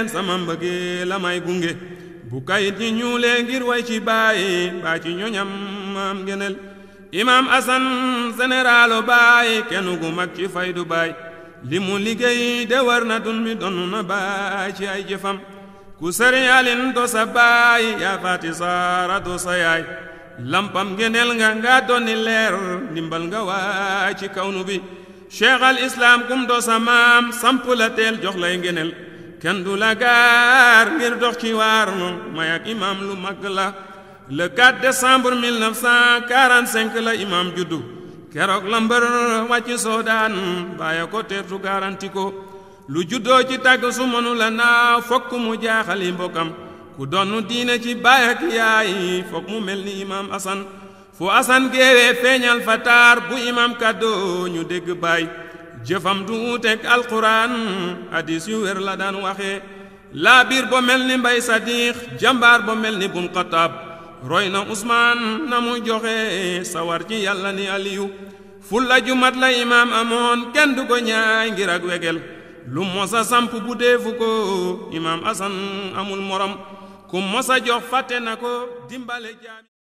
leen sama mbëggee la may gunge bu kayit ñi ñuulee ngir way ci bàyyi baa ci ñoñam maam ngeneel imaam asan seneraalo bàyyi kenn gu mag ci faydu baay li mu liggéey de war na dun mi donn na baay ci ay jëfam ku sëriñ alin sa baay yaa faati saara sa yaay lampam ngeneel nga nga donni leer ndimbal nga waay ci kawnu bi cheikh islaam kum do sa maam samp teel jox lay ngeneel kenn du la gaar ngir dox ci waar may ak imam lu mag la le 4 décembre 1945 la imam juddu keroog la mbër wàcc soodaan bàyyi ko teertu garanti lu juddoo ci tàgg su mënu naaw fokk mu jaaxali mbokkam ku donn diine ci baay ak yaay fokk mu mel ni imam asan fu asan géewee feeñal fataar bu imam kàddoo ñu dégg baay jëfam du wuuteeg alquran hadis yu wér la daan waxee laa biir mel ni mbay sadiix jàmbaar ba mel ni bun xataab roy na usmaan na mu joxe sawar ci yàlla ni aliyu fulla ju la imaam amoon kenn du ko ñaay ngir ak wegel lu mosa samp bu deefu ko imaam asan amul morom ku mosa jox fàtte na ko dimbale jaami